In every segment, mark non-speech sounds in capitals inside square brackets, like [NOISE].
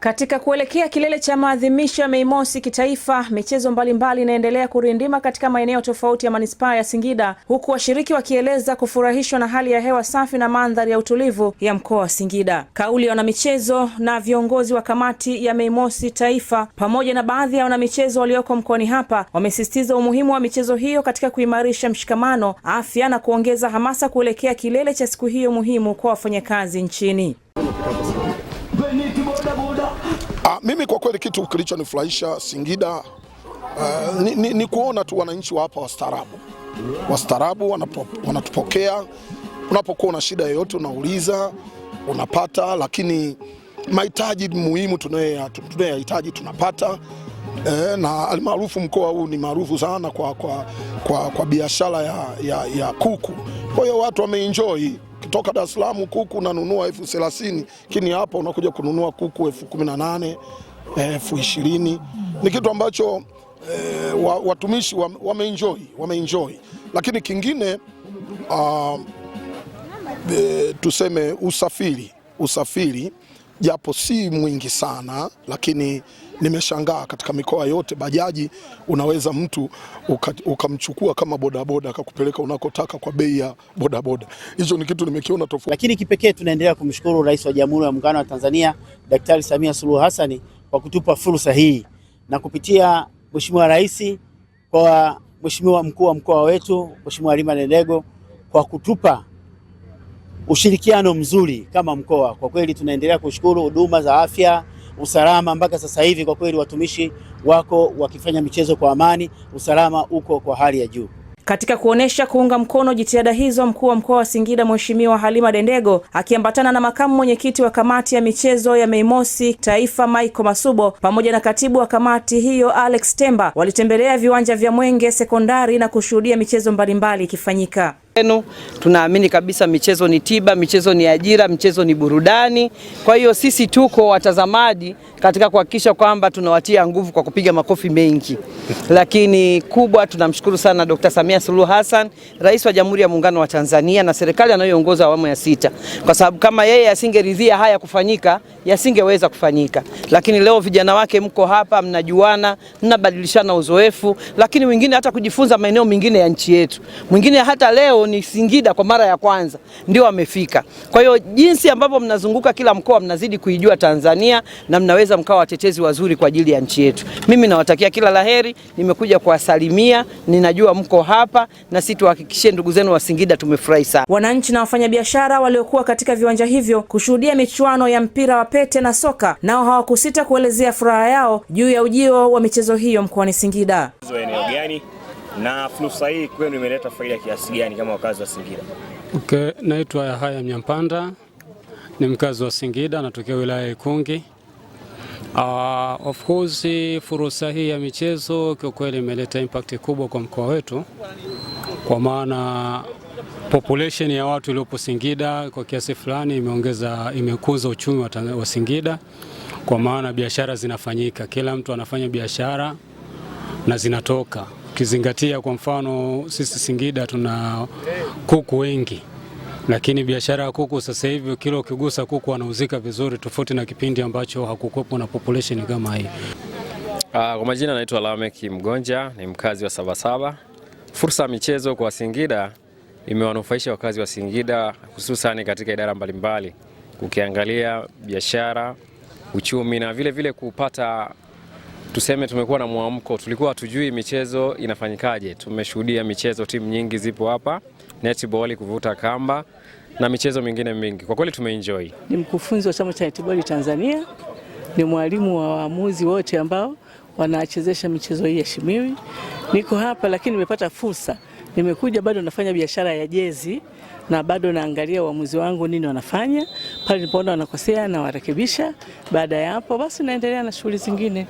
Katika kuelekea kilele cha maadhimisho ya Mei Mosi kitaifa, michezo mbalimbali inaendelea mbali kurindima katika maeneo tofauti ya manispaa ya Singida, huku washiriki wakieleza kufurahishwa na hali ya hewa safi na mandhari ya utulivu ya mkoa wa Singida. Kauli ya wanamichezo na viongozi wa kamati ya Mei Mosi taifa pamoja na baadhi ya wanamichezo walioko mkoani hapa wamesisitiza umuhimu wa michezo hiyo katika kuimarisha mshikamano, afya na kuongeza hamasa kuelekea kilele cha siku hiyo muhimu kwa wafanyakazi nchini. Ah, mimi kwa kweli kitu kilichonifurahisha Singida Uh, ni, ni, ni kuona tu wananchi wa hapa wastaarabu, wastaarabu wanatupokea. Unapokuwa na shida yoyote unauliza, unapata, lakini mahitaji muhimu tunayoyahitaji tunapata. Eh, na almaarufu mkoa huu ni maarufu sana kwa, kwa, kwa, kwa biashara ya, ya, ya kuku. Kwa hiyo watu wameenjoy ukitoka Dar es Salaam kuku unanunua elfu thelathini lakini hapa unakuja kununua kuku elfu kumi na nane elfu ishirini Ni kitu ambacho e, watumishi wameenjoy wameenjoy, lakini kingine uh, eh, tuseme usafiri usafiri japo si mwingi sana, lakini nimeshangaa katika mikoa yote bajaji unaweza mtu ukamchukua uka kama bodaboda akakupeleka unakotaka kwa bei ya bodaboda. Hicho ni kitu nimekiona tofauti. Lakini kipekee tunaendelea kumshukuru Rais wa Jamhuri ya Muungano wa Tanzania Daktari Samia Suluhu Hassan kwa kutupa fursa hii na kupitia Mheshimiwa Rais kwa Mheshimiwa mkuu wa mkoa wetu Mheshimiwa Halima Dendego kwa kutupa ushirikiano mzuri kama mkoa. Kwa kweli tunaendelea kushukuru huduma za afya, usalama mpaka sasa hivi, kwa kweli watumishi wako wakifanya michezo kwa amani, usalama uko kwa hali ya juu. Katika kuonesha kuunga mkono jitihada hizo, mkuu wa mkoa wa Singida Mheshimiwa Halima Dendego akiambatana na makamu mwenyekiti wa kamati ya michezo ya Mei Mosi Taifa Michael Masubo pamoja na katibu wa kamati hiyo Alex Temba walitembelea viwanja vya Mwenge Sekondari na kushuhudia michezo mbalimbali ikifanyika enu. Tunaamini kabisa michezo ni tiba, michezo ni ajira, michezo ni burudani. Kwa hiyo sisi tuko watazamaji katika kuhakikisha kwamba tunawatia nguvu kwa kupiga makofi mengi, [LAUGHS] lakini kubwa tunamshukuru sana Dr. Samia Suluhu Hassan, Rais wa Jamhuri ya Muungano wa Tanzania na serikali anayoongoza awamu ya sita, kwa sababu kama yeye asingeridhia haya kufanyika yasingeweza kufanyika. Lakini leo vijana wake mko hapa, mnajuana, mnabadilishana uzoefu, lakini wengine hata kujifunza maeneo mengine ya nchi yetu, mwingine hata leo ni Singida kwa mara ya kwanza ndio amefika Kwa hiyo jinsi ambavyo mnazunguka kila mkoa, mnazidi kuijua Tanzania na mnaweza mkawa watetezi wazuri kwa ajili ya nchi yetu. Mimi nawatakia kila laheri, nimekuja kuwasalimia, ninajua mko hapa, na sisi tuhakikishie ndugu zenu wa Singida tumefurahi sana. Wananchi na wafanyabiashara waliokuwa katika viwanja hivyo kushuhudia michuano ya mpira wa pete na soka, nao hawakusita kuelezea furaha yao juu ya ujio wa michezo hiyo mkoani Singida. Eneo gani? na fursa hii kwenu imeleta faida kiasi gani kama wakazi wa Singida? Okay, naitwa Yahaya Mnyampanda ni mkazi wa Singida, natokea wilaya ya Ikungi. Uh, of course fursa hii ya michezo kweli imeleta impact kubwa kwa mkoa wetu, kwa maana population ya watu iliyopo Singida kwa kiasi fulani imeongeza, imekuza uchumi wa, wa Singida, kwa maana biashara zinafanyika, kila mtu anafanya biashara na zinatoka ukizingatia kwa mfano sisi Singida tuna kuku wengi, lakini biashara ya kuku sasa hivi kila ukigusa kuku wanauzika vizuri, tofauti na kipindi ambacho hakukwepo na population kama hii. Ah, kwa majina naitwa Lamek Mgonja, ni mkazi wa Sabasaba. Fursa ya michezo kwa Singida imewanufaisha wakazi wa Singida hususani katika idara mbalimbali, ukiangalia biashara, uchumi na vilevile vile kupata tuseme tumekuwa na mwamko, tulikuwa hatujui michezo inafanyikaje. Tumeshuhudia michezo, timu nyingi zipo hapa, netball, kuvuta kamba na michezo mingine mingi. Kwa kweli tumeenjoy. Ni mkufunzi wa chama cha netball Tanzania, ni mwalimu wa waamuzi wote ambao wanachezesha michezo hii ya Shimiwi. Niko hapa lakini nimepata fursa Nimekuja bado nafanya biashara ya jezi na bado naangalia uamuzi wangu nini wanafanya pale, nilipoona wanakosea na warekebisha. Baada ya hapo, basi naendelea na shughuli zingine,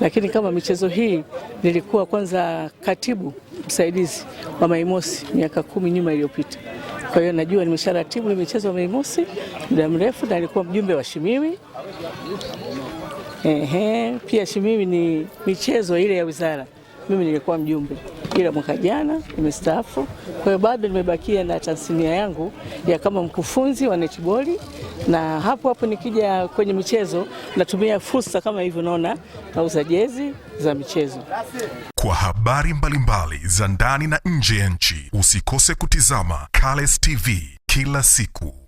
lakini kama michezo hii nilikuwa kwanza katibu msaidizi wa Maimosi miaka kumi nyuma iliyopita. Kwa hiyo najua nimesharatibu michezo ya Maimosi muda mrefu, na nilikuwa mjumbe wa Shimiwi. Ehe, pia shimiwi ni michezo ile ya wizara mimi nilikuwa mjumbe, ila mwaka jana nimestaafu. Kwa hiyo bado nimebakia na tasnia yangu ya kama mkufunzi wa netiboli, na hapo hapo nikija kwenye michezo natumia fursa kama hivyo, naona nauza jezi za michezo. Kwa habari mbalimbali za ndani na nje ya nchi, usikose kutizama Cales TV kila siku.